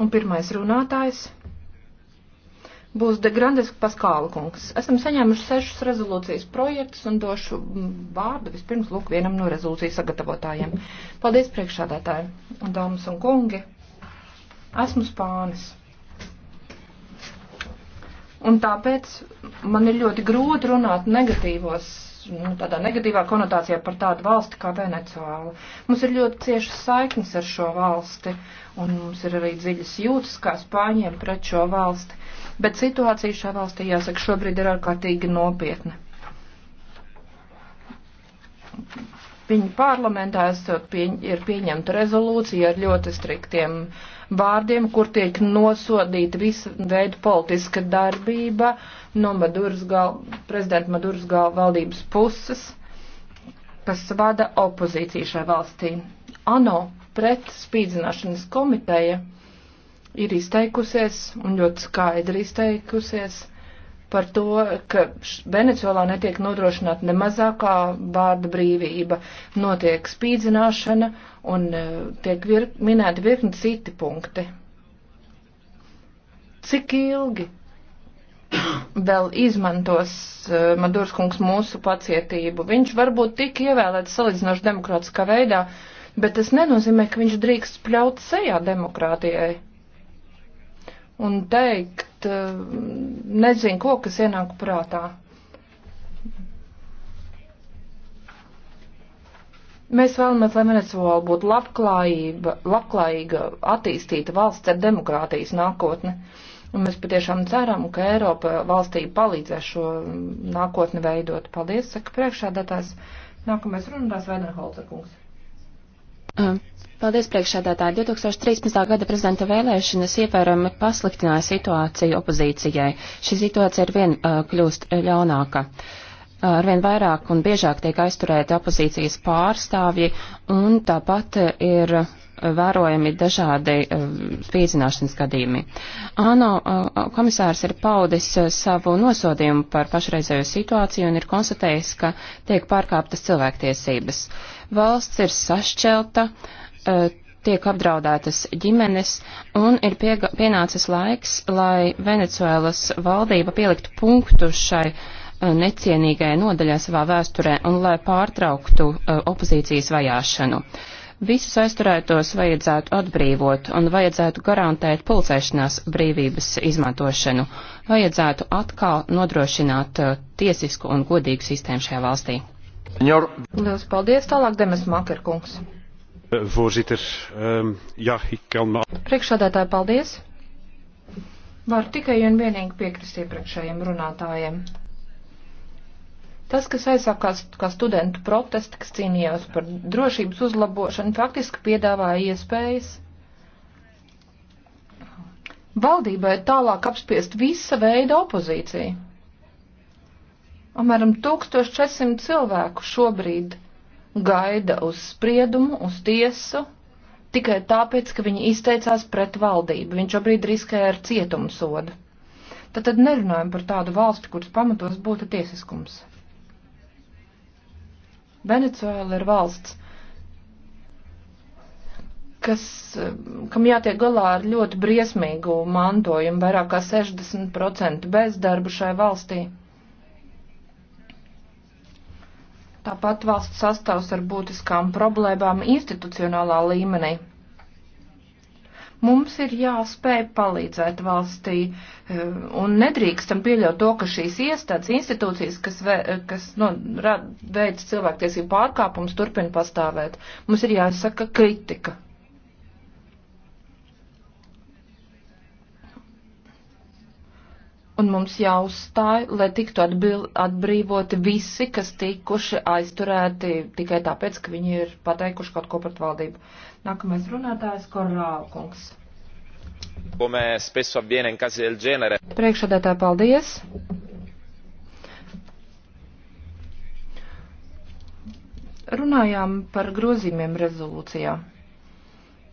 Un pirmais runātājs būs De Grandes Paskāla kungs. Esam saņēmuši sešus rezolūcijas projektus un došu vārdu vispirms lūk vienam no rezolūcijas sagatavotājiem. Paldies priekšādātāji un dāmas un kungi. Esmu spānis. Un tāpēc man ir ļoti grūti runāt negatīvos nu, tādā negatīvā konotācijā par tādu valsti kā Venecuāla. Mums ir ļoti ciešas saiknes ar šo valsti, un mums ir arī dziļas jūtas kā spāņiem pret šo valsti. Bet situācija šajā valstī, jāsaka, šobrīd ir ārkārtīgi nopietna. Viņa parlamentā esot pieņ, ir pieņemta rezolūcija ar ļoti striktiem vārdiem, kur tiek nosodīta visa veida politiska darbība no Maduras gal, prezidenta Maduras gal valdības puses, kas vada opozīciju šai valstī. ANO pret spīdzināšanas komiteja ir izteikusies un ļoti skaidri izteikusies par to, ka Venecijolā netiek nodrošināta ne mazākā vārda brīvība, notiek spīdzināšana un e, tiek vir, minēti virkni citi punkti. Cik ilgi vēl izmantos uh, Madurs kungs mūsu pacietību? Viņš varbūt tik ievēlēts salīdzinoši demokrātiskā veidā, bet tas nenozīmē, ka viņš drīkst pļaut sejā demokrātijai un teikt, pat uh, eh, nezinu, ko, kas ienāk prātā. Mēs vēlamies, lai Venezuela būtu labklājība, labklājīga, attīstīta valsts ar demokrātijas nākotni. Un mēs patiešām ceram, ka Eiropa valstī palīdzēs šo nākotni veidot. Paldies, saka priekšādātājs. Nākamais runātājs Vaidenholzer kungs. Paldies, priekšsēdētāji. 2013. gada prezidenta vēlēšanas ievērojami pasliktināja situāciju opozīcijai. Šī situācija arvien uh, kļūst uh, ļaunāka. Uh, arvien vairāk un biežāk tiek aizturēti opozīcijas pārstāvji, un tāpat uh, ir vērojami dažādi uh, spīdzināšanas gadījumi. ANO uh, komisārs ir paudis savu nosodījumu par pašreizējo situāciju un ir konstatējis, ka tiek pārkāptas cilvēktiesības. Valsts ir sašķelta, uh, E, tiek apdraudētas ģimenes, un ir piega, pienācis laiks, lai Venecuēlas valdība pieliktu punktu šai e, necienīgai nodaļai savā vēsturē un lai pārtrauktu uh, opozīcijas vajāšanu. Visus aizturētos vajadzētu atbrīvot un vajadzētu garantēt pulcēšanās brīvības izmantošanu. Vajadzētu atkal nodrošināt uh, tiesisku un godīgu sistēmu šajā valstī. Liels paldies, tālāk Demes Makerkungs. Voorzitter, ehm, jā, ik kan man. Priekšādātāji, paldies. Var tikai un vienīgi piekrist iepriekšējiem runātājiem. Tas, kas aizsākās kā studentu protesti, kas cīnījās par drošības uzlabošanu, faktiski piedāvāja iespējas valdībai tālāk apspiest visa veida opozīciju. Apmēram 1400 cilvēku šobrīd gaida uz spriedumu, uz tiesu, tikai tāpēc, ka viņi izteicās pret valdību. Viņš šobrīd riskē ar cietumsodu. Tad, tad nerunājam par tādu valsti, kuras pamatos būtu tiesiskums. Venecuēla ir valsts, kas, kam jātiek galā ar ļoti briesmīgu mantojumu, vairāk kā 60% bezdarbu šai valstī. Tāpat valsts sastāvs ar būtiskām problēmām institucionālā līmenī. Mums ir jāspēj palīdzēt valstī eh, un nedrīkstam pieļaut to, ka šīs iestādes, institūcijas, kas, ve, kas nu, veic cilvēktiesību pārkāpumus, turpina pastāvēt. Mums ir jāizsaka kritika un mums jāuzstāj, lai tiktu atbil, atbrīvoti visi, kas tikuši aizturēti tikai tāpēc, ka viņi ir pateikuši kaut ko pret valdību. Nākamais runātājs Korālkungs. Priekšādētāji, paldies! Runājām par grozījumiem rezolūcijā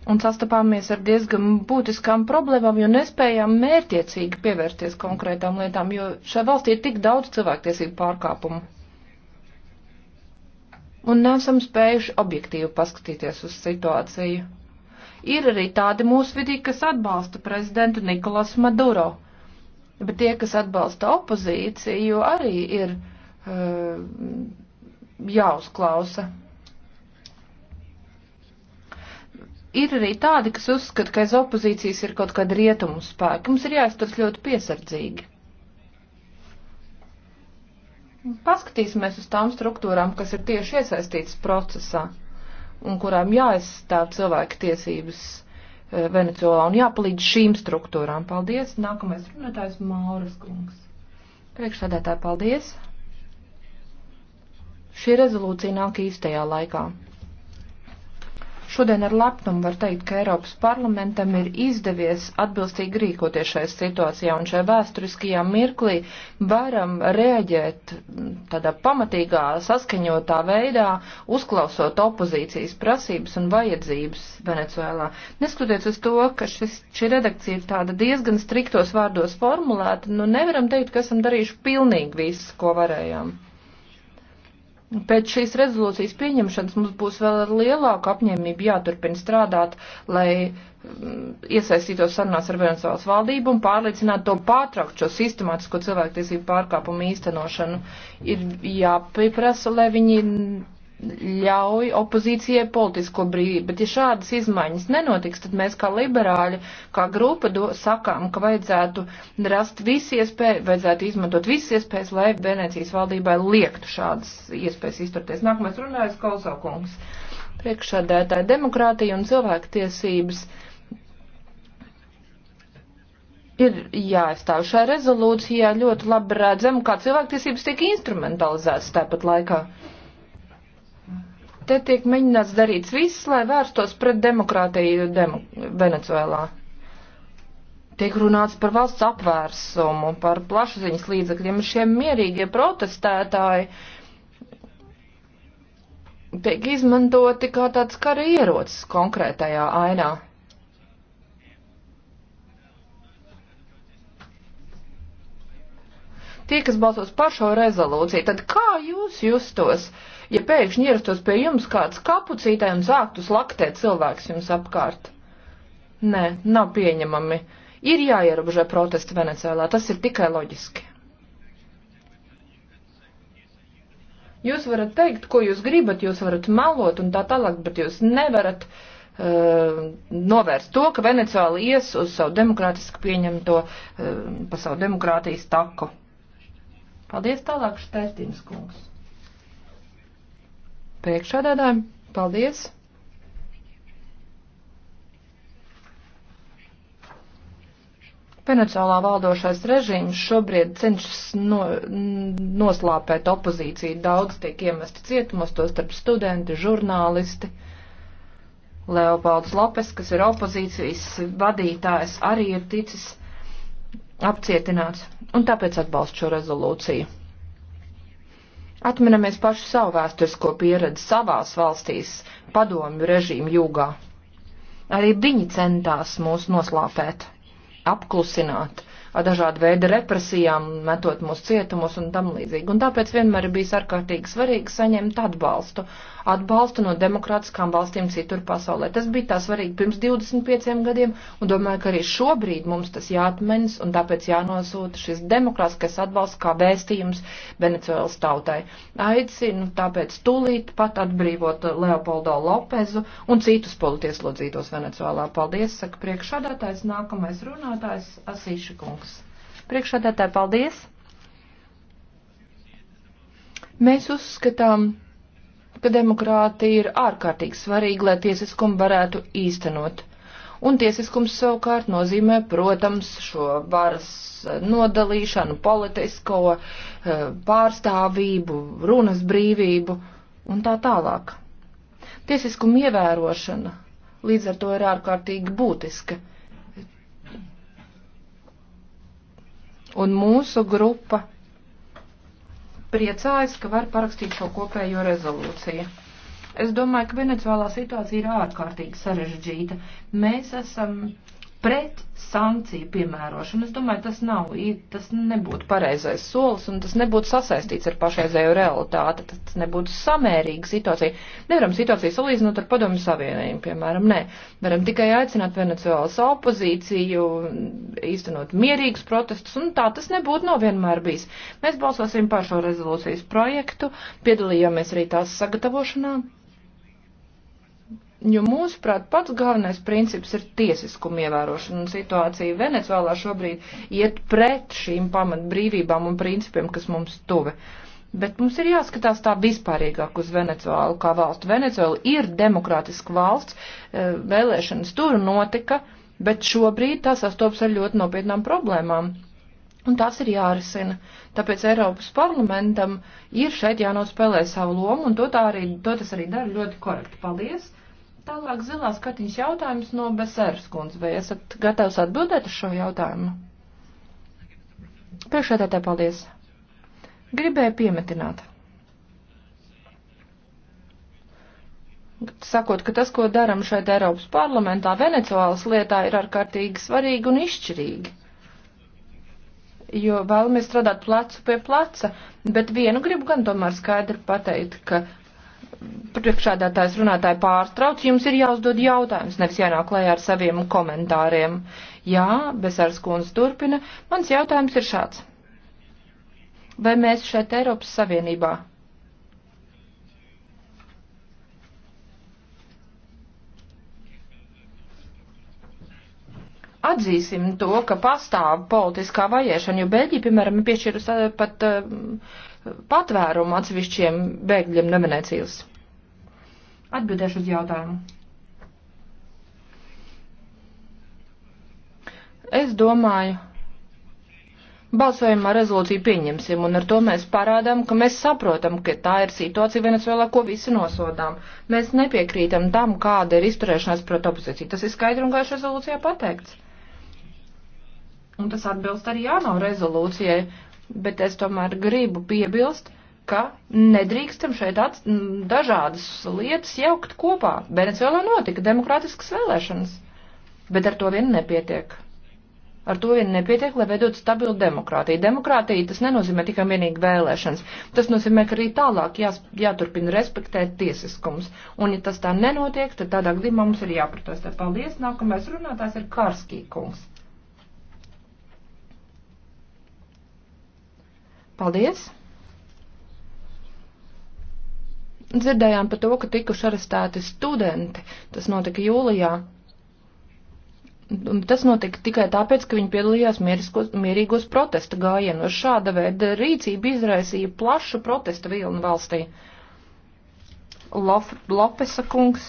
un sastapāmies ar diezgan būtiskām problēmām, jo nespējām mērtiecīgi pievērties konkrētām lietām, jo šai valstī ir tik daudz cilvēktiesību pārkāpumu. Un nesam spējuši objektīvi paskatīties uz situāciju. Ir arī tādi mūsu vidī, kas atbalsta prezidentu Nikolas Maduro, bet tie, kas atbalsta opozīciju, arī ir uh, jāuzklausa. ir arī tādi, kas uzskata, ka aiz opozīcijas ir kaut kāda rietumu spēka. Mums ir jāizturas ļoti piesardzīgi. Paskatīsimies uz tām struktūrām, kas ir tieši iesaistītas procesā un kurām jāaizstāv cilvēku tiesības eh, Venecijolā un jāpalīdz šīm struktūrām. Paldies! Nākamais runātājs Mauras kungs. Priekšsādātāji, paldies! Šī rezolūcija nāk īstajā laikā. Šodien ar lepnumu var teikt, ka Eiropas parlamentam ir izdevies atbilstīgi rīkoties šajā situācijā un šajā vēsturiskajā mirklī varam reaģēt tādā pamatīgā, saskaņotā veidā, uzklausot opozīcijas prasības un vajadzības Venecuēlā. Neskatoties uz to, ka šis, šī redakcija ir tāda diezgan striktos vārdos formulēta, nu nevaram teikt, ka esam darījuši pilnīgi visu, ko varējām. Pēc šīs rezolūcijas pieņemšanas mums būs vēl ar lielāku apņēmību jāturpina strādāt, lai mm, iesaistītos sarunās ar Venezuelas valdību un pārliecinātu to pārtraukt šo sistemātisko cilvēktiesību pārkāpumu īstenošanu. Ir jāpieprasa, lai viņi ļauj opozīcijai politisko brīvību, bet ja šādas izmaiņas nenotiks, tad mēs kā liberāļi, kā grupa do, sakām, ka vajadzētu rast visu iespēju, vajadzētu izmantot visas iespējas, lai Venecijas valdībai liektu šādas iespējas izturties. Nākamais runājas Kausaukungs. Priekšādētāja demokrātija un cilvēktiesības ir jāaizstāv šai rezolūcijā ļoti labi redzam, kā cilvēktiesības tiek instrumentalizētas tāpat laikā. Te tiek mēģināts darīt viss, lai vērstos pret demokrātiju demo Venecuēlā. Tiek runāts par valsts apvērsumu, par plašsaziņas līdzakļiem, šiem mierīgie protestētāji tiek izmantoti kā tāds kara ierocis konkrētajā ainā. Tie, kas balsos par šo rezolūciju, tad kā jūs justos? Uh, ja pēkšņi ierastos pie jums kāds kapucītē un sāktu slaktēt cilvēks jums apkārt. Nē, nav pieņemami. Ir jāierobežo protesti Venecijā, tas ir tikai loģiski. Jūs varat teikt, ko jūs gribat, jūs varat melot un tā tālāk, bet jūs nevarat uh, novērst to, ka Venecijā ies uz savu demokrātisku pieņemto, uh, pa savu demokrātijas taku. Paldies tālāk, Štētins kungs priekšādādājiem. Paldies! Venecijālā valdošais režīms šobrīd cenšas no, noslāpēt opozīciju. Daudz tiek iemesti cietumos, to starp studenti, žurnālisti. Leopolds Lopes, kas ir opozīcijas vadītājs, arī ir ticis apcietināts, un tāpēc atbalstu šo rezolūciju. Atminamies pašu savu vēsturisko pieredzi savās valstīs, padomju režīmu jūgā. Arī viņi centās mūs noslāpēt, apklusināt ar dažādu veidu represijām, metot mūs cietumos un tam līdzīgi. Un tāpēc vienmēr ir bijis ārkārtīgi svarīgi saņemt atbalstu atbalstu no demokrātiskām valstīm citur pasaulē. Tas bija tā svarīgi pirms 25 gadiem, un domāju, ka arī šobrīd mums tas jāatmenas, un tāpēc jānosūta šis demokrātiskais atbalsts kā vēstījums Venecuēlas tautai. Aicinu tāpēc tūlīt pat atbrīvot Leopoldo Lopezu un citus politieslodzītos Venecuēlā. Paldies, saka priekšādātājs, nākamais runātājs Asīša kungs. Priekšādātāji, paldies! Mēs uzskatām, ka demokrātija ir ārkārtīgi svarīga, lai tiesiskumu varētu īstenot. Un tiesiskums savukārt nozīmē, protams, šo varas eh, nodalīšanu, politisko eh, pārstāvību, runas brīvību un tā tālāk. Tiesiskuma ievērošana līdz ar to ir ārkārtīgi būtiska. Un mūsu grupa priecājas, ka var parakstīt šo kopējo rezolūciju. Es domāju, ka Venecuēlā situācija ir ārkārtīgi sarežģīta. Mēs esam pret sankciju piemērošanu. Es domāju, tas nav, tas nebūtu pareizais solis un tas nebūtu sasaistīts ar pašreizējo realitāti, tas nebūtu samērīga situācija. Nevaram situāciju salīdzinot ar padomju savienību, piemēram, nē. Varam tikai aicināt Venecuēlas opozīciju, īstenot mierīgus protestus un tā tas nebūtu nav vienmēr bijis. Mēs balsosim par šo rezolūcijas projektu, piedalījāmies arī tās sagatavošanā Jo mūsuprāt, pats galvenais princips ir tiesiskuma ievērošana, un situācija Venecuēlā šobrīd iet pret šīm pamatbrīvībām un principiem, kas mums tuvi. Bet mums ir jāskatās tā vispārīgāk uz Venecuēlu kā valstu. Venecuēla ir demokrātiska valsts, e, vēlēšanas tur notika, bet šobrīd tā sastopas ar ļoti nopietnām problēmām. Un tās ir jārisina. Tāpēc Eiropas parlamentam ir šeit jānospēlē savu lomu, un to, arī, to tas arī dara ļoti korekti. Paldies! Tālāk zilās kartiņas jautājums no Beseras kundze. Vai esat gatavs atbildēt uz šo jautājumu? Priekšētētē paldies. Gribēju piemetināt. Sakot, ka tas, ko daram šeit Eiropas parlamentā Venecuālas lietā, ir ārkārtīgi svarīgi un izšķirīgi jo vēlamies strādāt plecu pie pleca, bet vienu gribu gan tomēr skaidri pateikt, ka priekšādātājs runātāji pārstrauc, jums ir jāuzdod jautājums, nevis jānāk klajā ar saviem komentāriem. Jā, Besars kundze turpina. Mans jautājums ir šāds. Vai mēs šeit Eiropas Savienībā atzīsim to, ka pastāv politiskā vajēšana, jo Beļģija, piemēram, ir piešķirusi eh, pat eh, patvērumu atsevišķiem bēgļiem no Venecijas. Atbildēšu uz jautājumu. Es domāju, balsojumā rezolūciju pieņemsim, un ar to mēs parādām, ka mēs saprotam, ka tā ir situācija Venezuelā, ko visi nosodām. Mēs nepiekrītam tam, kāda ir izturēšanās pret opozīciju. Tas ir skaidri un gaiši rezolūcijā pateikts un tas atbilst arī ANO rezolūcijai, bet es tomēr gribu piebilst, ka nedrīkstam šeit ats, dažādas lietas jaukt kopā. Venecijolā notika demokrātiskas vēlēšanas, bet ar to vien nepietiek. Ar to vien nepietiek, lai veidot stabilu demokrātiju. Demokrātija tas nenozīmē tikai vienīgi vēlēšanas. Tas nozīmē, ka arī tālāk jās, jāturpina respektēt tiesiskums. Un ja tas tā nenotiek, tad tādā gadījumā mums ir jāprotestē. Paldies. Nākamais runātājs ir Karskī kungs. Paldies! Dzirdējām par to, ka tikuši arestēti studenti. Tas notika jūlijā. Tas notika tikai tāpēc, ka viņi piedalījās mieriskos, mierīgos protesta gājienos. Šāda veida rīcība izraisīja plašu protesta vilnu valstī. Lof, Lopesa kungs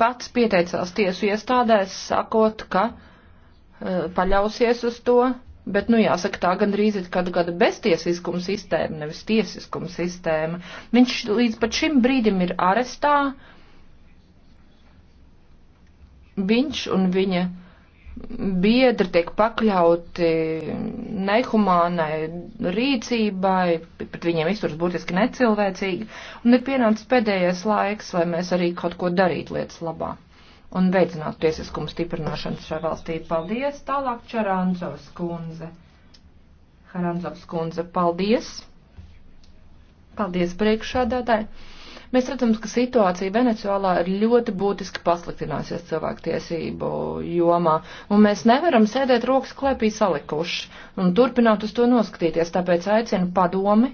pats pieteicās tiesu iestādēs, sakot, ka uh, paļausies uz to, bet, nu, jāsaka, tā gandrīz ir kāda gada beztiesiskuma sistēma, nevis tiesiskuma sistēma. Viņš līdz pat šim brīdim ir arestā, viņš un viņa biedri tiek pakļauti nehumānai rīcībai, pret viņiem izturas būtiski necilvēcīgi, un ir pienācis pēdējais laiks, lai mēs arī kaut ko darītu lietas labā un veicinātu tiesiskumu stiprināšanu šajā valstī. Paldies! Tālāk Čaranzovs kundze. Haranzovs kundze, paldies! Paldies priekšādātāji! Mēs redzam, ka situācija Venecijolā ir ļoti būtiski pasliktinājusies cilvēktiesību jomā, un mēs nevaram sēdēt rokas klēpī salikuši un turpināt uz to noskatīties, tāpēc aicinu padomi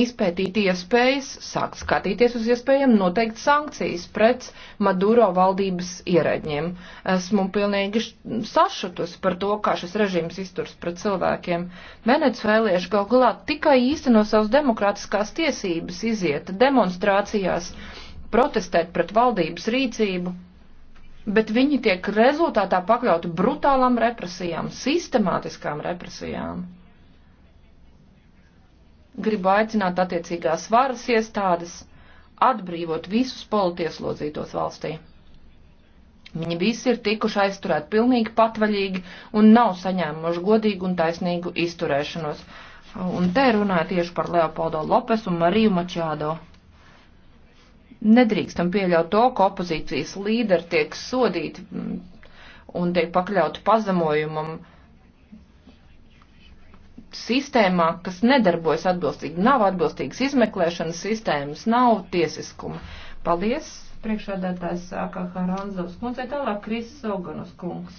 izpētīt iespējas, sākt skatīties uz iespējām, noteikt sankcijas pret Maduro valdības ierēģiem. Esmu pilnīgi sašutus par to, kā šis režīms izturs pret cilvēkiem. Venecuēlieši gal galā tikai īsteno savas demokrātiskās tiesības iziet demonstrācijās, protestēt pret valdības rīcību, bet viņi tiek rezultātā pakļauti brutālām represijām, sistemātiskām represijām gribu aicināt attiecīgās varas iestādes atbrīvot visus politieslodzītos valstī. Viņi visi ir tikuši aizturēti pilnīgi patvaļīgi un nav saņēmuši godīgu un taisnīgu izturēšanos. Un te runāja tieši par Leopoldo Lopes un Mariju Mačādo. Nedrīkstam pieļaut to, ka opozīcijas līderi tiek sodīti mm, un tiek pakļauti pazemojumam uh, sistēmā, kas nedarbojas atbilstīgi. Nav atbilstīgas izmeklēšanas sistēmas, nav tiesiskuma. Paldies, priekšādātājs AKH Ranzovs kundzei, tālāk Krisis Oganus kungs.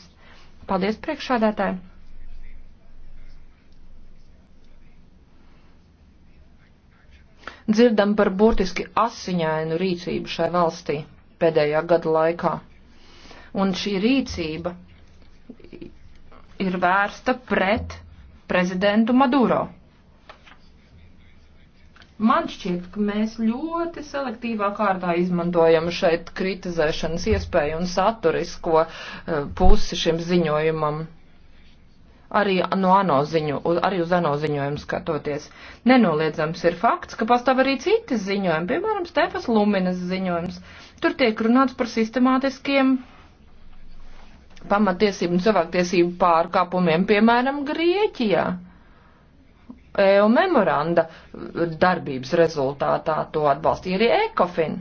Paldies, priekšādātāji. Dzirdam par burtiski asiņainu rīcību šai valstī pēdējā gada laikā. Un šī rīcība ir vērsta pret prezidentu Maduro. Man šķiet, ka mēs ļoti selektīvā kārtā izmantojam šeit kritizēšanas iespēju un saturisko eh, pusi šim ziņojumam. Arī, no ano ziņu, arī uz ANO ziņojumu skatoties. Nenoliedzams ir fakts, ka pastāv arī citi ziņojumi, piemēram, Stefas Luminas ziņojums. Tur tiek runāts par sistemātiskiem pamatiesību un cilvēktiesību pārkāpumiem, piemēram, Grieķijā. EU memoranda darbības rezultātā to atbalstīja arī ECOFIN.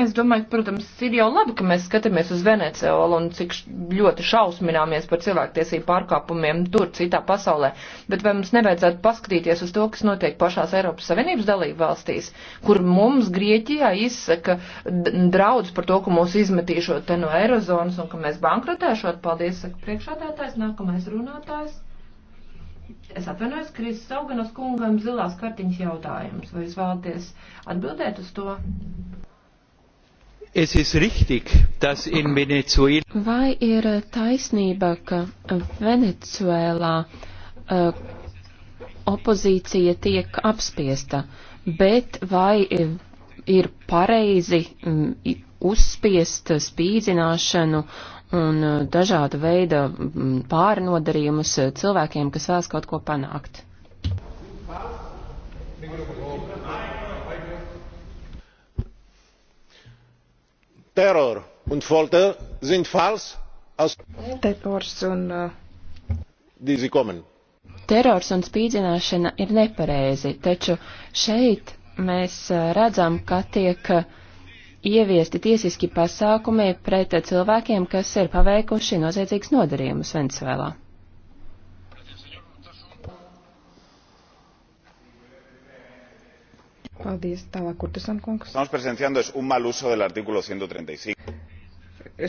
Es domāju, protams, ir jau labi, ka mēs skatāmies uz Venecijolu un cik ļoti šausmināmies par cilvēktiesību pārkāpumiem tur citā pasaulē, bet vai mums nevajadzētu paskatīties uz to, kas notiek pašās Eiropas Savienības dalību valstīs, kur mums Grieķijā izsaka draudz par to, ka mūs izmetīšot te no Eirozonas un ka mēs bankrotēšot. Paldies, saka priekšādātājs, nākamais runātājs. Es atvainojos, Krīsas Auganas kungam zilās kartiņas jautājums. Vai jūs vēlaties atbildēt uz to? Es ist richtig, dass in Venezuela. Vai ir taisnība, ka Venecuēlā uh, opozīcija tiek apspiesta, bet vai ir pareizi um, uzspiest spīdzināšanu un uh, dažāda veida um, pārnodarījumus cilvēkiem, kas vēlas kaut ko panākt? Wow. terror und folter sind falsch aus Terrors un, uh, Terrors un spīdzināšana ir nepareizi, taču šeit mēs uh, redzam, ka tiek uh, ieviesti tiesiski pasākumi pret cilvēkiem, kas ir paveikuši noziedzīgs nodarījumus Venezuelā. Paldies, tālāk, Kurtasan kungs.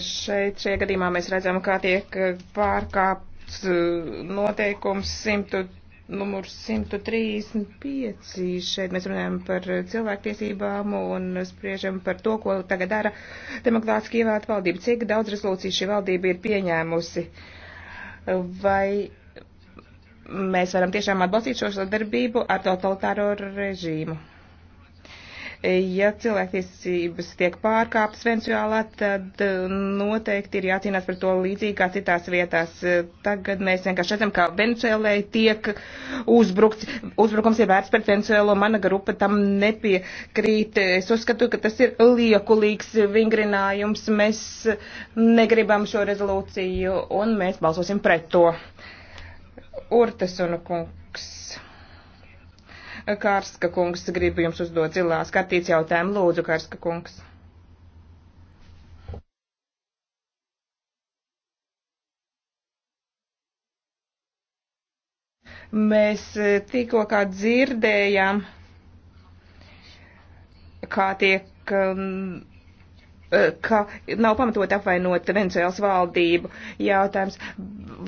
Šeit šajā gadījumā mēs redzam, kā tiek eh, pārkāpts eh, noteikums 100, numurs 135. Šeit mēs runājam par cilvēktiesībām un spriežam par to, ko tagad dara demokrātiski ievēlēta valdība. Cik daudz rezolūciju šī valdība ir pieņēmusi? Vai mēs varam tiešām atbalstīt šo sadarbību ar totalitāro režīmu? Ja cilvēktiesības tiek pārkāptas Venecijālā, tad uh, noteikti ir jācīnās par to līdzīgi kā citās vietās. Tagad mēs vienkārši redzam, ka Venecijālai tiek uzbrukts. Uzbrukums ir vērts pret Venecijālo. Mana grupa tam nepiekrīt. Es uzskatu, ka tas ir liekulīgs vingrinājums. Mēs negribam šo rezolūciju un mēs balsosim pret to. Urtasuna kungs Kārska kungs grib jums uzdot zilās kartītes jautājumu. Lūdzu, Kārska kungs. Mēs eh, tikko kā dzirdējām, kā tiek um, Eh, ka nav pamatot apvainot Venecijāls valdību jautājums.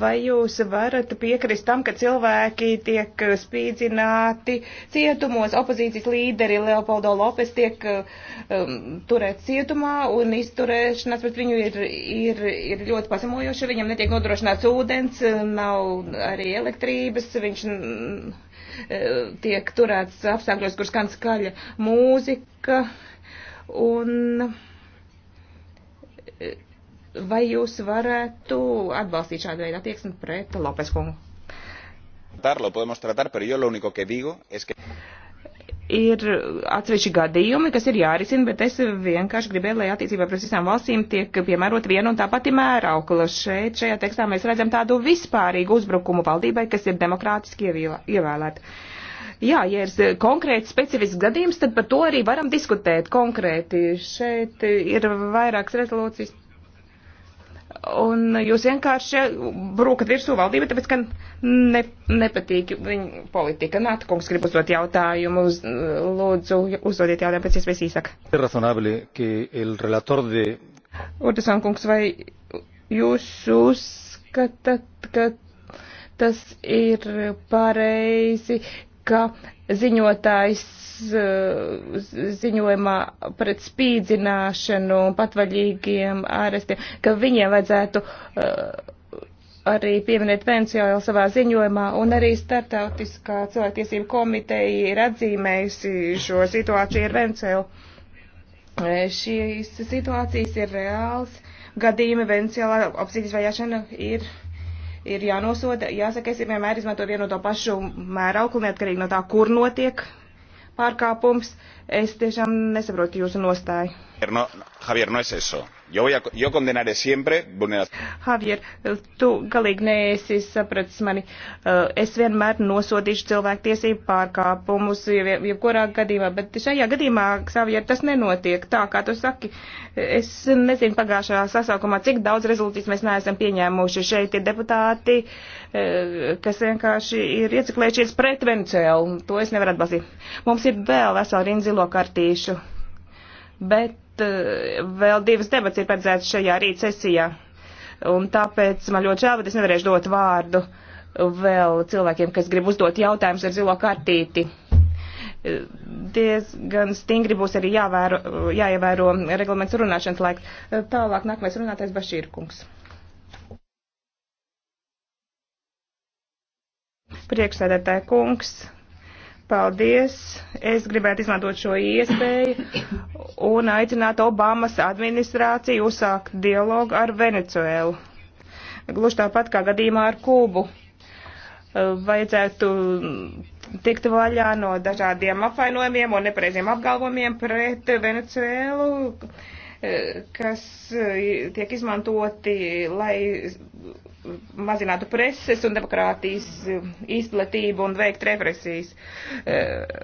Vai jūs varat piekrist tam, ka cilvēki tiek eh, spīdzināti cietumos, opozīcijas līderi Leopoldo Lopes tiek eh, um, turēt cietumā un izturēšanās pret viņu ir, ir, ir ļoti pazemojoša, viņam netiek nodrošināts ūdens, nav arī elektrības, viņš mm, tiek turēts apstākļos, kur skan skaļa mūzika. Un Vai jūs varētu atbalstīt šādu veidu attieksmi pret Lopes kungu? Lo podemos tratar, pero yo lo único que digo es que ir atsevišķi gadījumi, kas ir jārisina, bet es vienkārši gribēju, lai attiecībā pret visām valstīm tiek piemērot viena un tā pati mēraukla. Šeit, šajā tekstā mēs redzam tādu vispārīgu uzbrukumu valdībai, kas ir demokrātiski ievēlēta. Jā, ja ir konkrēts specifisks gadījums, tad par to arī varam diskutēt konkrēti. Šeit ir vairākas rezolūcijas. Un jūs vienkārši brūkat virsū valdību, tāpēc, ka ne, nepatīk viņa politika. Nāta kungs grib uzdot jautājumu, uz, lūdzu, uzdodiet jautājumu pēc iespējas īsāk. De... Urtasan kungs, vai jūs uzskatāt, ka tas ir pareizi, ka ziņotājs eh, ziņojumā pret spīdzināšanu un patvaļīgiem ārestiem, ka viņiem vajadzētu eh, arī pieminēt Venecijālu savā ziņojumā, un arī Startautiskā cilvēktiesība komiteja ir atzīmējusi šo situāciju ar Venecijālu. Eh, šīs situācijas ir reāls, gadījumi Venecijālā apzīves vajāšana ir ir jānosoda. Jāsaka, es vienmēr izmantoju vienu to pašu mērauklu, neatkarīgi no tā, kur notiek pārkāpums. Es tiešām nesaprotu jūsu nostāju. No, Javier, no es eso. Yo, voy a, yo condenaré siempre Javier, tu galīgi neesi sapratis mani. Eh, es vienmēr nosodīšu cilvēktiesību pārkāpumus, jebkurā gadījumā, bet šajā gadījumā, Javier, tas nenotiek tā, kā tu saki. Es nezinu pagājušā sasaukumā, cik daudz rezultātus mēs neesam pieņēmuši. Šeit ir deputāti, eh, kas vienkārši ir ieciklējušies pret Venecijā, un to es nevaru atbalstīt. Mums ir vēl vesela rindzilo kartīšu bet eh, vēl divas debats ir paredzētas šajā rīt sesijā. Un tāpēc man ļoti žēl, bet es nevarēšu dot vārdu vēl cilvēkiem, kas grib uzdot jautājumus ar zilo kartīti. Eh, diezgan stingri būs arī jāvēro, jāievēro reglaments runāšanas laiks. Eh, tālāk nākamais runātais Bašīrkungs. Priekšsēdētāja kungs. Paldies! Es gribētu izmantot šo iespēju un aicināt Obamas administrāciju uzsākt dialogu ar Venecuēlu. Gluži tāpat kā gadījumā ar Kūbu. Uh, vajadzētu tikt vaļā no dažādiem apvainojumiem un nepareiziem apgalvojumiem pret Venecuēlu uh, kas uh, tiek izmantoti, lai mazinātu preses un demokrātijas izplatību un veikt represijas. Eh,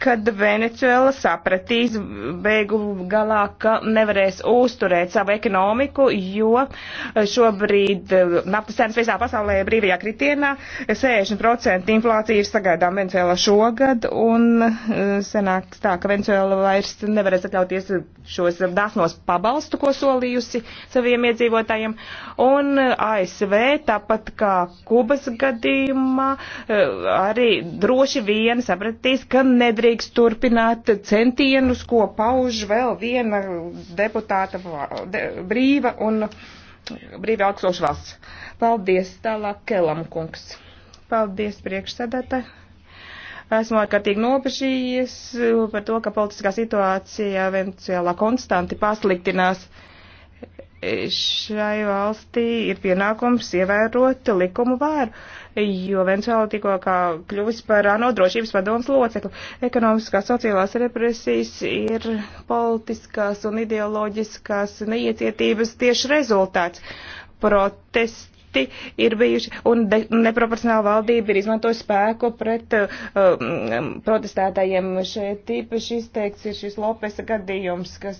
kad Venecuēla sapratīs beigu galā, ka nevarēs uzturēt savu ekonomiku, jo šobrīd eh, naftas cenas visā pasaulē ir brīvajā kritienā, 60% inflācija ir sagaidām Venecuēlā šogad, un eh, senāk tā, ka Venecuēla vairs nevarēs atļauties šos dāsnos pabalstu, ko solījusi saviem iedzīvotājiem, un eh, ASV, tāpat kā Kubas gadījumā, arī droši vien sapratīs, ka nedrīkst turpināt centienus, ko pauž vēl viena deputāta de, brīva un brīvi augstoša valsts. Paldies, tālāk Kelam kungs. Paldies, priekšsēdētā. Esmu ārkārtīgi nobežījies par to, ka politiskā situācija Venecijālā konstanti pasliktinās šai valstī ir pienākums ievērot likumu vāru jo Venecuēla tikko kā kļuvis par ANO drošības padomas locekli. Ekonomiskās sociālās represijas ir politiskās un ideoloģiskās neiecietības tieši rezultāts. Protest citi ir bijuši, un de, neproporcionāla valdība ir izmantojusi spēku pret um, um, protestētājiem. Šeit īpaši izteikts ir šis Lopesa gadījums, kas.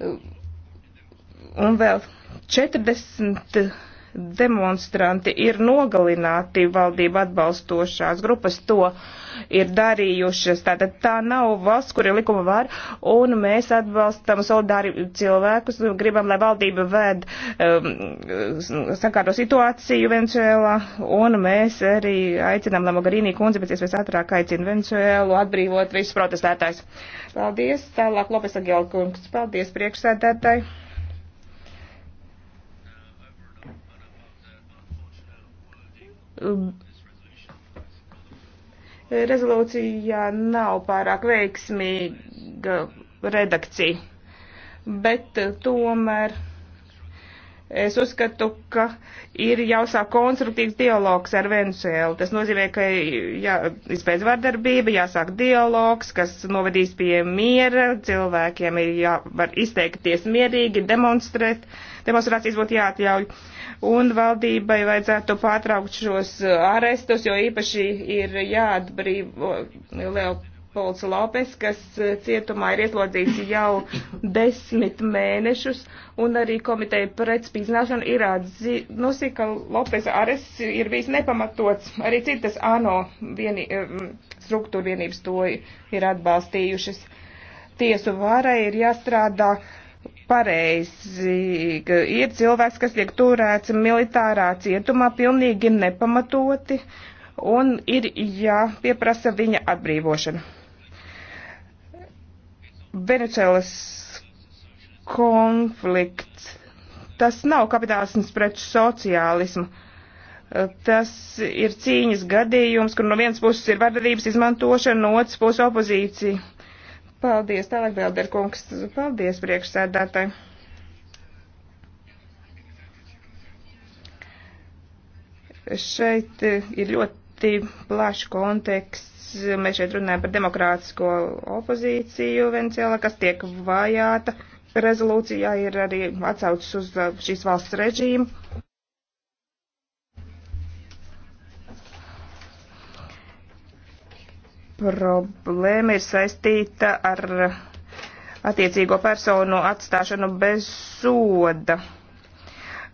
Um, un vēl 40 demonstranti ir nogalināti valdību atbalstošās grupas to ir darījušas. Tātad tā nav valsts, kur ir likuma vara, un mēs atbalstam solidāri cilvēkus, gribam, lai valdība ved um, sakārto situāciju Venezuelā, un mēs arī aicinām Lamogarīnī kundzi pēc iespējas ātrāk aicina Venezuelu atbrīvot visus protestētājus. Paldies, tālāk Lopes Agelkungs. Paldies priekšsēdētāji. Um, rezolūcijā nav pārāk veiksmīga redakcija, bet uh, tomēr es uzskatu, ka ir jāsāk konstruktīvs dialogs ar Venezuelu. Tas nozīmē, ka jāizbeidz vardarbība, jāsāk dialogs, kas novedīs pie miera, cilvēkiem ir jāvar izteikties mierīgi, demonstrēt, demonstrācijas būtu jāatļauj. Uh, un valdībai vajadzētu pārtraukt šos uh, arestus, jo īpaši ir jāatbrīvo Leopolds Lopes, kas uh, cietumā ir ieslodzīts jau desmit mēnešus, un arī komiteja pret spīdzināšanu ir atzinusi, ka Lopes arests ir bijis nepamatots. Arī citas ANO vieni, um, struktūra vienības to ir atbalstījušas. Tiesu varai ir jāstrādā pareizi, ka ir cilvēks, kas tiek turēts militārā cietumā pilnīgi nepamatoti un ir jāpieprasa viņa atbrīvošana. Venecuēlas konflikts. Tas nav kapitālisms pret sociālismu. Tas ir cīņas gadījums, kur no vienas puses ir vardarbības izmantošana, no otras puses opozīcija Paldies, tālāk Belderkungs. Paldies, priekšsēdētāji. Šeit ir ļoti plašs konteksts. Mēs šeit runājam par demokrātisko opozīciju Venecijā, kas tiek vajāta. Rezolūcijā ir arī atsaucis uz uh, šīs valsts režīmu problēma ir saistīta ar attiecīgo personu atstāšanu bez soda.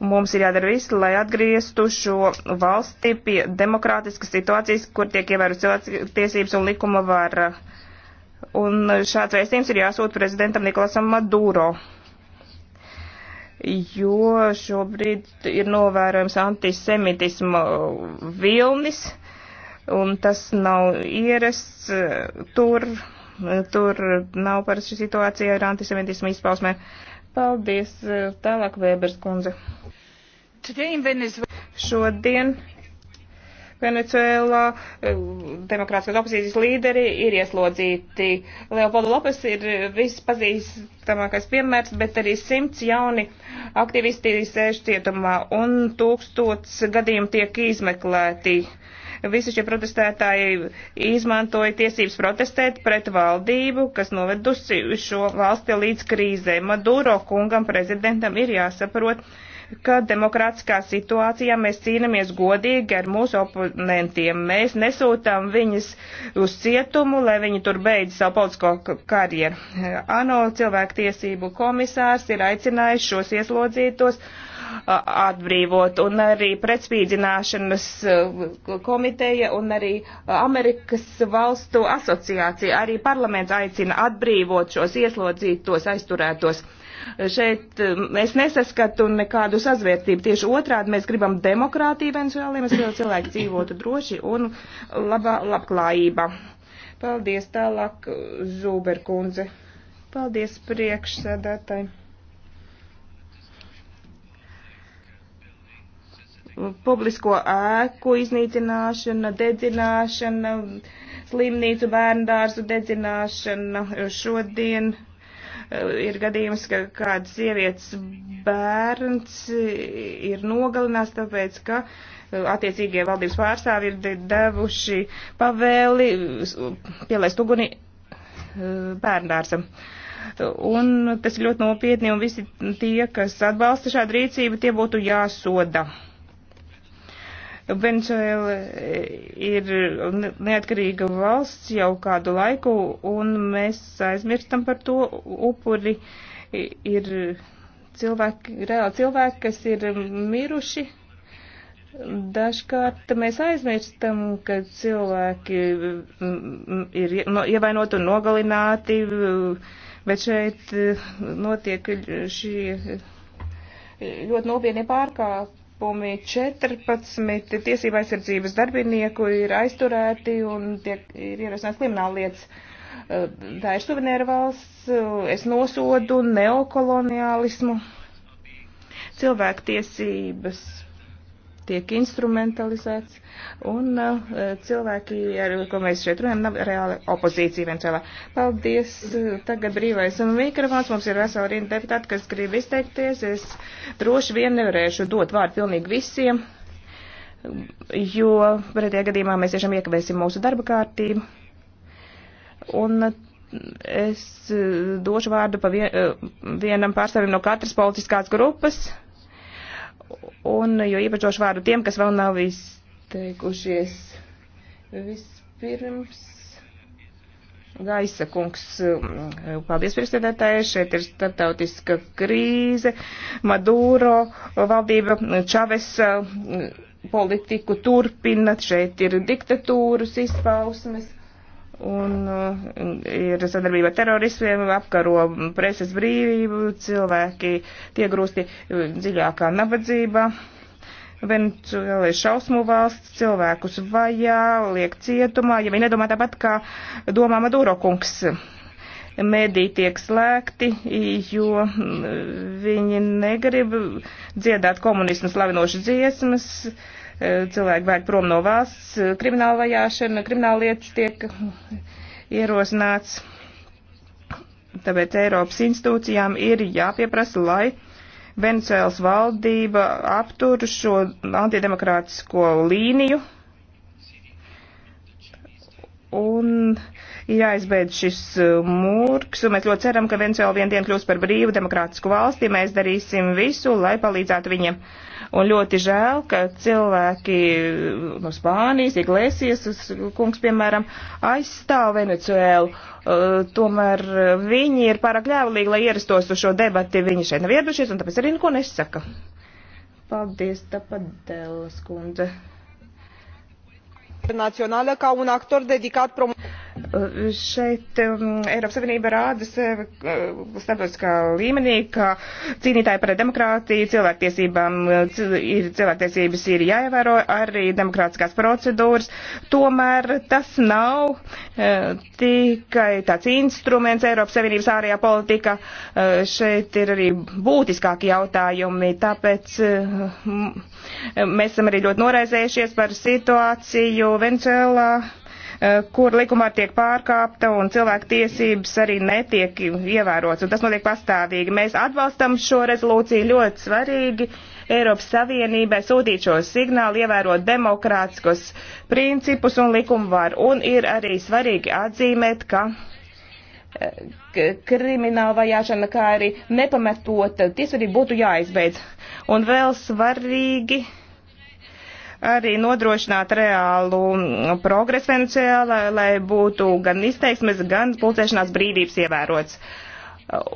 Mums ir jādara viss, lai atgrieztu šo valsti pie demokrātiskas situācijas, kur tiek ievērot cilvēks tiesības un likuma vara. Un šāds vēstījums ir jāsūt prezidentam Nikolasam Maduro, jo šobrīd ir novērojams antisemitisma vilnis un tas nav ierasts eh, tur, eh, tur nav parasti situācija ar antisemitismu izpausmē. Paldies, eh, tālāk Vēbers kundze. Šodien Venecuēlā demokrātiskās opozīcijas līderi ir ieslodzīti. Leopoldo Lopes ir vispazīstamākais piemērs, bet arī simts jauni aktivisti sēž cietumā un tūkstots gadījumu tiek izmeklēti. Uh, Visi šie protestētāji izmantoja tiesības protestēt pret valdību, kas novedusi šo valsti līdz krīzē. Maduro kungam prezidentam ir jāsaprot, ka demokrātiskā situācijā mēs cīnamies godīgi ar mūsu oponentiem. Mēs nesūtām viņus uz cietumu, lai viņi tur beidz savu politisko karjeru. ANO cilvēktiesību komisārs ir aicinājis šos ieslodzītos atbrīvot, un arī pretspīdzināšanas komiteja un arī Amerikas valstu asociācija, arī parlaments aicina atbrīvot šos ieslodzītos, aizturētos. Šeit es eh, nesaskatu nekādu sazvērtību. Tieši otrādi mēs gribam demokrātiju Venezuelā, mēs gribam cilvēki dzīvotu droši un labā labklājība. Paldies tālāk, Zūberkundze. Paldies priekšsēdētāji. publisko ēku iznīcināšana, dedzināšana, slimnīcu bērndārzu dedzināšana. Šodien ir gadījums, ka kāds sievietes bērns ir nogalinās, tāpēc, ka uh, attiecīgie valdības pārstāvi ir devuši pavēli uh, pielaist uguni uh, bērndārsam. Un tas ir ļoti nopietni, un visi tie, kas atbalsta šādu rīcību, tie būtu jāsoda. Venezuela e, ir neatkarīga valsts jau kādu laiku, un mēs aizmirstam par to. Upuri ir cilvēki, reāli cilvēki, kas ir miruši. Dažkārt mēs aizmirstam, ka cilvēki ir ievainoti un nogalināti, bet šeit e, notiek šie e, ļoti nopietni pārkāpumi pārkāpumi 14 tiesība aizsardzības darbinieku ir aizturēti un tiek, ir ierosināts krimināllietas. Tā ir suvenēra valsts, es nosodu neokoloniālismu, cilvēktiesības tiek instrumentalizēts, un uh, cilvēki, ar ko mēs šeit runājam, nav reāli opozīcija Venecijā. Paldies, tagad brīvais un mikrofons, mums ir vesela rinda deputāti, kas grib izteikties, es droši vien nevarēšu dot vārdu pilnīgi visiem, jo pretējā gadījumā mēs tiešām iekavēsim mūsu darba kārtību. Un eh, es eh, došu vārdu pa vien, vienam pārstāvim no katras politiskās grupas un jo iepažošu vārdu tiem, kas vēl nav izteikušies. Vispirms. Gaisa kungs, paldies priekšsēdētāji, šeit ir startautiska krīze, Maduro valdība Čaves eh, politiku turpina, šeit ir diktatūras izpausmes un uh, ir sadarbība ar teroristiem, apkaro preses brīvību, cilvēki tiek grūsti uh, dziļākā nabadzībā. Venecuēlē šausmu valsts cilvēkus vajā, liek cietumā, ja viņi nedomā tāpat kā domā Maduro kungs. Mēdī tiek slēgti, jo mm, viņi negrib dziedāt komunismu slavinošas dziesmas. Uh, Eh, cilvēki bēg prom no valsts, eh, krimināla vajāšana, krimināla lietas tiek ierosināts. Tāpēc Eiropas institūcijām ir jāpieprasa, lai Venecuēlas valdība aptur šo antidemokrātisko līniju un ir jāizbeidz šis eh, mūrks, un mēs ļoti ceram, ka Venecijāla vien dienu kļūs par brīvu demokrātisku valsti. Mēs darīsim visu, lai palīdzētu viņiem. Un ļoti žēl, ka cilvēki no Spānijas, Iglesias kungs, piemēram, aizstāv Venecuēlu. Uh, tomēr viņi ir pārāk ļāvlīgi, lai ierastos uz šo debati. Viņi šeit nav ieradušies, un tāpēc arī neko nesaka. Paldies, Tapadēlas kundze. Nacionāla kā un aktor dedikāt promovēt Šeit um, Eiropas Savienība rāda sevi uh, starptautiskā līmenī, ka cīnītāji par demokrātiju, cilvēktiesībām, ir, cilvēktiesības ir jāievēro arī demokrātiskās procedūras. Tomēr tas nav uh, tikai tāds instruments Eiropas Savienības ārējā politika. Uh, šeit ir arī būtiskāki jautājumi, tāpēc uh, mēs esam arī ļoti noraizējušies par situāciju Venezuelā Eh, kur likumā tiek pārkāpta un cilvēku tiesības arī netiek ievērots. Un tas notiek pastāvīgi. Mēs atbalstam šo rezolūciju ļoti svarīgi. Eiropas Savienībai sūtīt šo signālu, ievērot demokrātiskos principus un likumvaru. Un ir arī svarīgi atzīmēt, ka eh, krimināla vajāšana, kā arī nepamatota tiesvedība būtu jāizbeidz. Un vēl svarīgi arī nodrošināt reālu mm, progresu Venecijā, lai, lai būtu gan izteiksmes, gan pulcēšanās brīvības ievērots.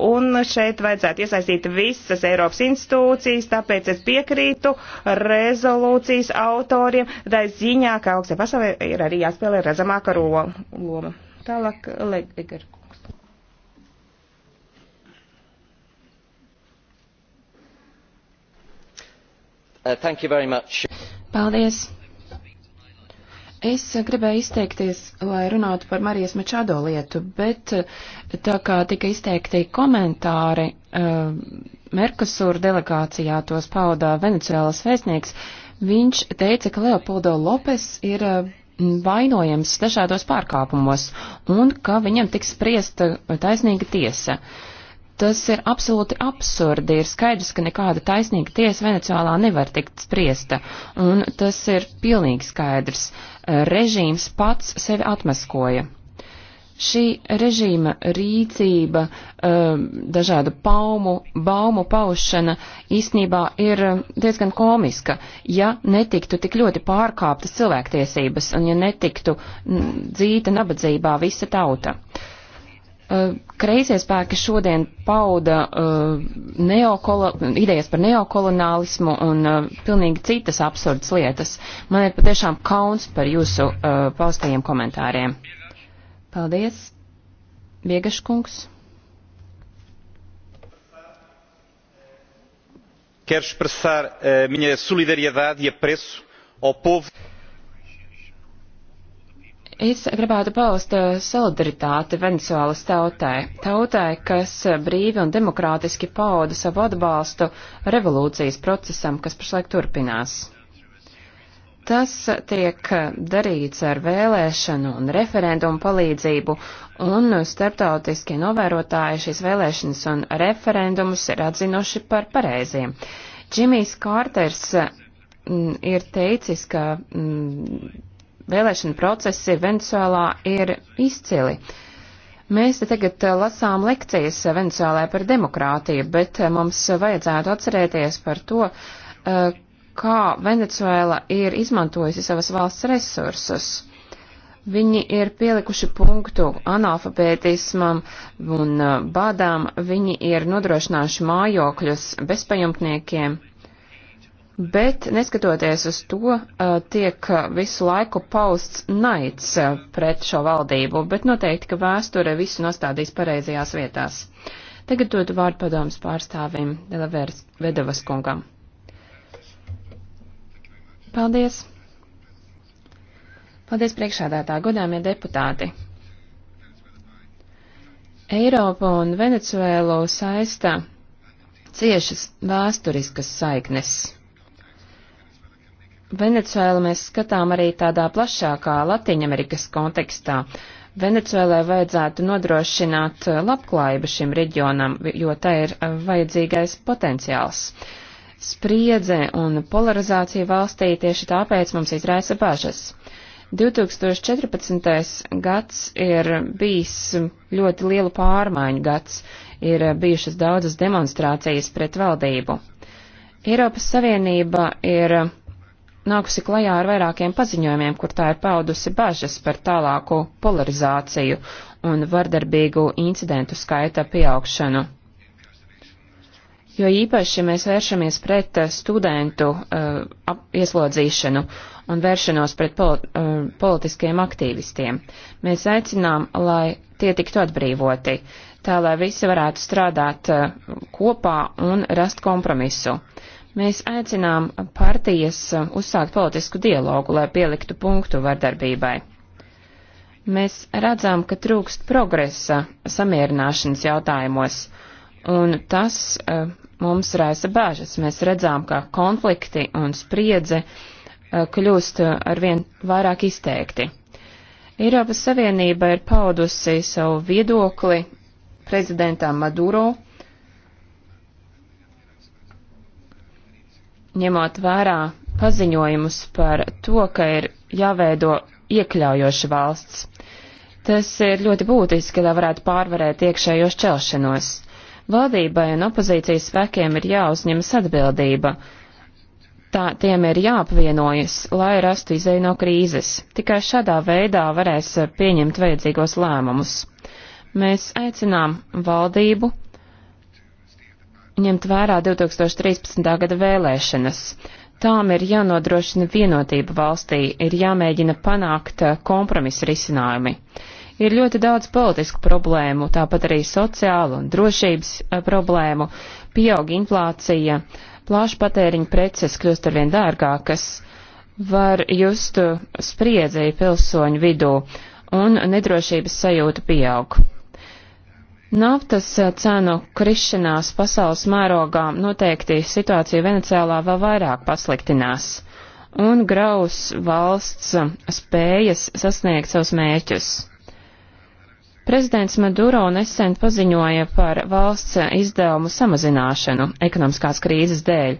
Un šeit vajadzētu iesaistīt visas Eiropas institūcijas, tāpēc es piekrītu rezolūcijas autoriem, tā ziņā, ka augstai pasaulē ir arī jāspēlē redzamāka loma. Tālāk, Legar. Uh, thank you very much. Paldies! Es eh, gribēju izteikties, lai runātu par Marijas Mečado lietu, bet eh, tā kā tika izteikti komentāri, uh, Merkusur delegācijā tos pauda Venecijālas vēstnieks, viņš teica, ka Leopoldo Lopes ir uh, vainojams dažādos pārkāpumos un ka viņam tiks spriesta taisnīga tiesa. Uh, Tas ir absolūti absurdi. Ir skaidrs, ka nekāda taisnīga tiesa Venecijālā nevar tikt spriesta. Un tas ir pilnīgi skaidrs. Režīms pats sevi atmaskoja. Šī režīma rīcība, um, dažādu paumu, baumu paušana īstenībā ir um, diezgan komiska, ja netiktu tik ļoti pārkāptas cilvēktiesības un ja netiktu mm, dzīta nabadzībā visa tauta. Eh, kreisie spēki šodien pauda uh, eh, neokola, idejas par neokolonālismu un uh, pilnīgi citas absurdas lietas. Man ir patiešām kauns par jūsu uh, paustajiem komentāriem. Paldies, Biegaškungs. Quero expressar a minha solidariedade e apreço ao povo. Es gribētu paust eh, solidaritāti Venecuēlas tautai. Tautai, kas eh, brīvi un demokrātiski pauda savu atbalstu revolūcijas procesam, kas pašlaik turpinās. Tas tiek eh, darīts ar vēlēšanu un referendumu palīdzību, un starptautiskie novērotāji šīs vēlēšanas un referendumus ir atzinuši par pareiziem. Džimijs Kārters mm, ir teicis, ka mm, Vēlēšana procesi Venecijā ir izcili. Mēs te tagad eh, lasām lekcijas Venecijā par demokrātiju, bet eh, mums vajadzētu atcerēties par to, eh, kā Venecijā ir izmantojusi savas valsts resursus. Viņi ir pielikuši punktu analfabētismam un bādām, viņi ir nodrošinājuši mājokļus bezpajumtniekiem Bet neskatoties uz to, uh, tiek uh, visu laiku pausts naids uh, pret šo valdību, bet noteikti, ka vēsture visu nostādīs pareizajās vietās. Tagad dodu vārdu padomus pārstāvim Delavērs Vedavas kungam. Paldies! Paldies priekšādātā, godāmie deputāti! Eiropu un Venecuēlu saista ciešas vēsturiskas saiknes. Venecuēlu mēs skatām arī tādā plašākā Latīņamerikas kontekstā. Venecuēlē vajadzētu nodrošināt eh, labklājību šim reģionam, jo tā ir eh, vajadzīgais potenciāls. Spriedze un polarizācija valstī tieši tāpēc mums izraisa bažas. 2014. gads ir bijis ļoti lielu pārmaiņu gads, ir eh, bijušas daudzas demonstrācijas pret valdību. Eiropas Savienība ir nākusi klajā ar vairākiem paziņojumiem, kur tā ir paudusi bažas par tālāku polarizāciju un vardarbīgu incidentu skaita pieaugšanu. Jo īpaši mēs vēršamies pret eh, studentu uh, ap, ieslodzīšanu un vēršanos pret poli, uh, eh, politiskiem aktīvistiem. Mēs aicinām, lai tie tiktu atbrīvoti, tā lai visi varētu strādāt uh, kopā un rast kompromisu. Uh, Mēs aicinām partijas uh, uzsākt politisku dialogu, lai pieliktu punktu vardarbībai. Mēs redzam, ka trūkst progresa samierināšanas jautājumos, un tas uh, mums raisa bāžas. Mēs redzām, ka konflikti un spriedze uh, kļūst uh, arvien vairāk izteikti. Eiropas Savienība ir paudusi savu viedokli prezidentam Maduro ņemot vērā paziņojumus par to, ka ir jāveido iekļaujoša valsts. Tas ir ļoti būtiski, lai varētu pārvarēt iekšējo šķelšanos. Valdībai un opozīcijas spēkiem ir jāuzņemas atbildība. Tā tiem ir jāapvienojas, lai rastu izēju no krīzes. Tikai šādā veidā varēs pieņemt vajadzīgos lēmumus. Mēs aicinām valdību ņemt vērā 2013. gada vēlēšanas. Tām ir jānodrošina vienotība valstī, ir jāmēģina panākt eh, kompromisu risinājumi. Ir ļoti daudz politisku problēmu, tāpat arī sociālu un drošības eh, problēmu, pieaug inflācija, plāšu patēriņu preces kļūst arvien dārgākas, var just spriedzi pilsoņu vidū un nedrošības sajūta pieaug. Naftas eh, cenu krišanās pasaules mērogā noteikti situācija Venecijālā vēl vairāk pasliktinās un graus valsts eh, spējas sasniegt savus mērķus. Prezidents Maduro nesen paziņoja par valsts eh, izdevumu samazināšanu ekonomiskās krīzes dēļ.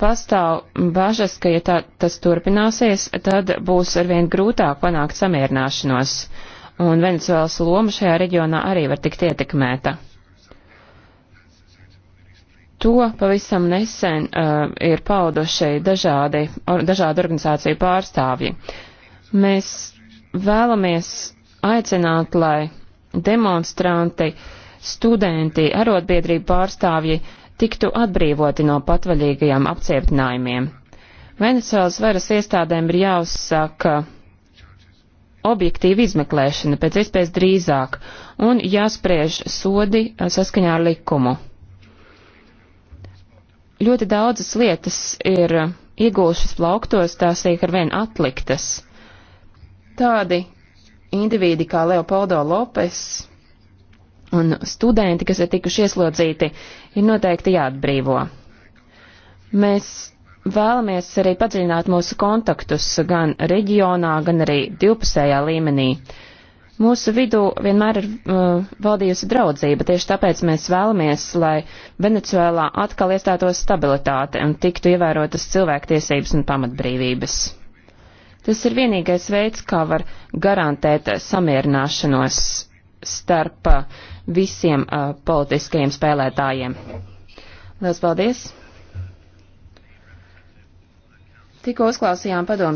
Pastāv bažas, ka ja tā, tas turpināsies, tad būs arvien grūtāk panākt samierināšanos un Venecuēlas loma šajā reģionā arī var tikt ietekmēta. To pavisam nesen uh, ir pauduši dažādi, or, dažādu organizāciju pārstāvji. Mēs vēlamies aicināt, lai demonstranti, studenti, arotbiedrību pārstāvji tiktu atbrīvoti no patvaļīgajiem apcietinājumiem. Venecuēlas varas iestādēm ir jāuzsaka objektīva izmeklēšana pēc iespējas drīzāk un jāspriež sodi eh, saskaņā ar likumu. Ļoti daudzas lietas ir eh, iegūšas plauktos, tās tiek arvien atliktas. Tādi indivīdi kā Leopoldo Lopes un studenti, kas ir tikuši ieslodzīti, ir noteikti jāatbrīvo. Mēs vēlamies arī padziļināt mūsu kontaktus gan reģionā, gan arī divpusējā līmenī. Mūsu vidū vienmēr ir uh, valdījusi draudzība, tieši tāpēc mēs vēlamies, lai Venecuēlā atkal iestātos stabilitāte un tiktu ievērotas cilvēktiesības un pamatbrīvības. Tas ir vienīgais veids, kā var garantēt samierināšanos starp uh, visiem uh, politiskajiem spēlētājiem. Lielas paldies! Tikko uzklausījām padomu